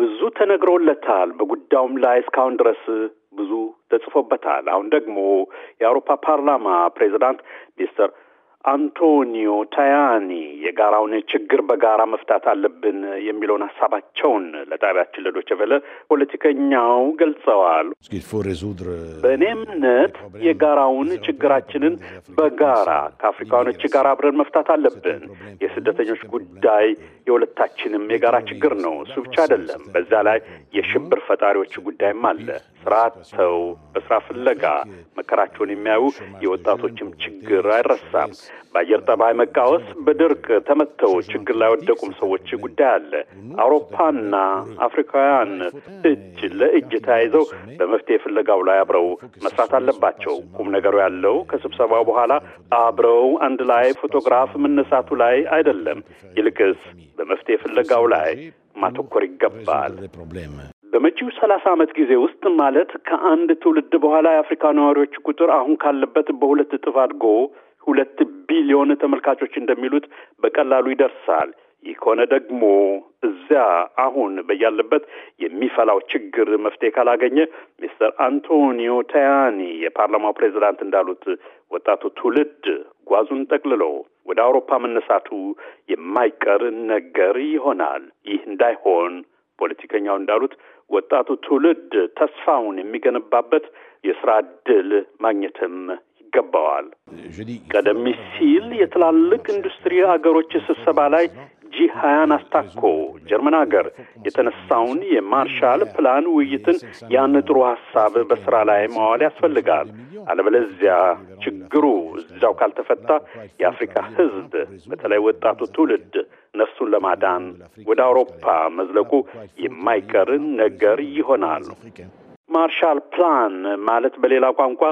ብዙ ተነግሮለታል። በጉዳዩም ላይ እስካሁን ድረስ ብዙ ተጽፎበታል። አሁን ደግሞ የአውሮፓ ፓርላማ ፕሬዚዳንት ሚስተር አንቶኒዮ ታያኒ የጋራውን ችግር በጋራ መፍታት አለብን የሚለውን ሀሳባቸውን ለጣቢያችን ለዶቸቨለ ፖለቲከኛው ገልጸዋል። በእኔ እምነት የጋራውን ችግራችንን በጋራ ከአፍሪካኖች ጋር አብረን መፍታት አለብን። የስደተኞች ጉዳይ የሁለታችንም የጋራ ችግር ነው። እሱ ብቻ አይደለም። በዛ ላይ የሽብር ፈጣሪዎች ጉዳይም አለ። ስራ አጥተው በስራ ፍለጋ መከራቸውን የሚያዩ የወጣቶችም ችግር አይረሳም። በአየር ጠባይ መቃወስ፣ በድርቅ ተመተው ችግር ላይ ወደቁም ሰዎች ጉዳይ አለ። አውሮፓና አፍሪካውያን እጅ ለእጅ ተያይዘው በመፍትሄ ፍለጋው ላይ አብረው መስራት አለባቸው። ቁም ነገሩ ያለው ከስብሰባው በኋላ አብረው አንድ ላይ ፎቶግራፍ መነሳቱ ላይ አይደለም፣ ይልቅስ በመፍትሄ ፍለጋው ላይ ማተኮር ይገባል። በመጪው ሰላሳ ዓመት ጊዜ ውስጥ ማለት ከአንድ ትውልድ በኋላ የአፍሪካ ነዋሪዎች ቁጥር አሁን ካለበት በሁለት እጥፍ አድጎ ሁለት ቢሊዮን ተመልካቾች እንደሚሉት በቀላሉ ይደርሳል። ይህ ከሆነ ደግሞ እዚያ አሁን በያለበት የሚፈላው ችግር መፍትሄ ካላገኘ ሚስተር አንቶኒዮ ታያኒ የፓርላማው ፕሬዚዳንት እንዳሉት ወጣቱ ትውልድ ጓዙን ጠቅልሎ ወደ አውሮፓ መነሳቱ የማይቀር ነገር ይሆናል። ይህ እንዳይሆን ፖለቲከኛው እንዳሉት ወጣቱ ትውልድ ተስፋውን የሚገነባበት የስራ እድል ማግኘትም ይገባዋል። ቀደም ሲል የትላልቅ ኢንዱስትሪ አገሮች ስብሰባ ላይ ጂ ሀያን አስታኮ ጀርመን ሀገር የተነሳውን የማርሻል ፕላን ውይይትን ያን ጥሩ ሀሳብ በስራ ላይ ማዋል ያስፈልጋል። አለበለዚያ ችግሩ እዚያው ካልተፈታ የአፍሪካ ሕዝብ በተለይ ወጣቱ ትውልድ ነፍሱን ለማዳን ወደ አውሮፓ መዝለቁ የማይቀርን ነገር ይሆናል። ማርሻል ፕላን ማለት በሌላ ቋንቋ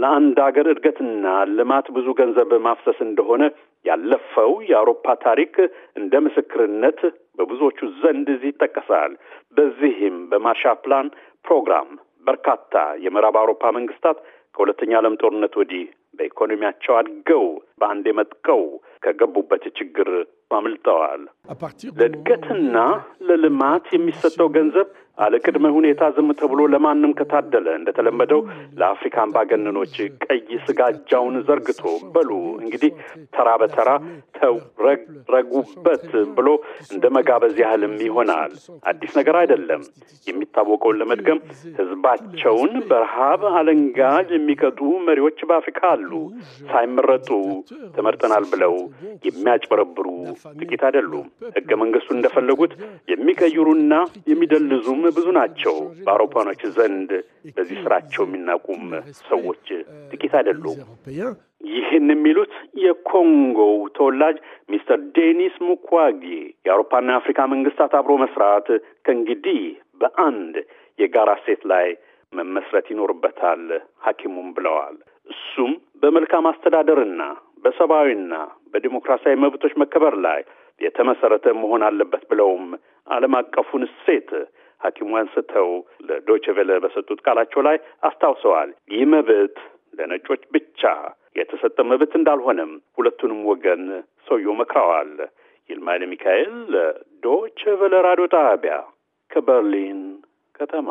ለአንድ አገር እድገትና ልማት ብዙ ገንዘብ ማፍሰስ እንደሆነ ያለፈው የአውሮፓ ታሪክ እንደ ምስክርነት በብዙዎቹ ዘንድ እዚህ ይጠቀሳል። በዚህም በማርሻል ፕላን ፕሮግራም በርካታ የምዕራብ አውሮፓ መንግስታት ከሁለተኛ ዓለም ጦርነት ወዲህ በኢኮኖሚያቸው አድገው በአንድ መጥቀው ከገቡበት ችግር አምልጠዋል። ለእድገትና ለልማት የሚሰጠው ገንዘብ አለቅድመ ሁኔታ ዝም ተብሎ ለማንም ከታደለ እንደተለመደው ለአፍሪካ አምባገነኖች ቀይ ስጋጃውን ዘርግቶ በሉ እንግዲህ ተራ በተራ ተረጉበት ብሎ እንደ መጋበዝ ያህልም ይሆናል። አዲስ ነገር አይደለም። የሚታወቀውን ለመድገም ህዝባቸውን በረሃብ አለንጋ የሚቀጡ መሪዎች በአፍሪካ አሉ። ሳይመረጡ ተመርጠናል ብለው የሚያጭበረብሩ ጥቂት አይደሉም። ህገ መንግስቱን እንደፈለጉት የሚቀይሩና የሚደልዙም ብዙ ናቸው። በአውሮፓኖች ዘንድ በዚህ ስራቸው የሚናቁም ሰዎች ጥቂት አይደሉም። ይህን የሚሉት የኮንጎው ተወላጅ ሚስተር ዴኒስ ሙኳጊ የአውሮፓና የአፍሪካ መንግስታት አብሮ መስራት ከእንግዲህ በአንድ የጋራ ሴት ላይ መመስረት ይኖርበታል ሐኪሙም ብለዋል። እሱም በመልካም አስተዳደርና በሰብአዊና በዲሞክራሲያዊ መብቶች መከበር ላይ የተመሰረተ መሆን አለበት ብለውም ዓለም አቀፉን እሴት ሐኪሙ አንስተው ለዶይቼ ቬለ በሰጡት ቃላቸው ላይ አስታውሰዋል። ይህ መብት ለነጮች ብቻ የተሰጠ መብት እንዳልሆነም ሁለቱንም ወገን ሰውየው መክረዋል። ይልማ ሚካኤል ዶቼ ቬለ ራዲዮ ጣቢያ ከበርሊን ከተማ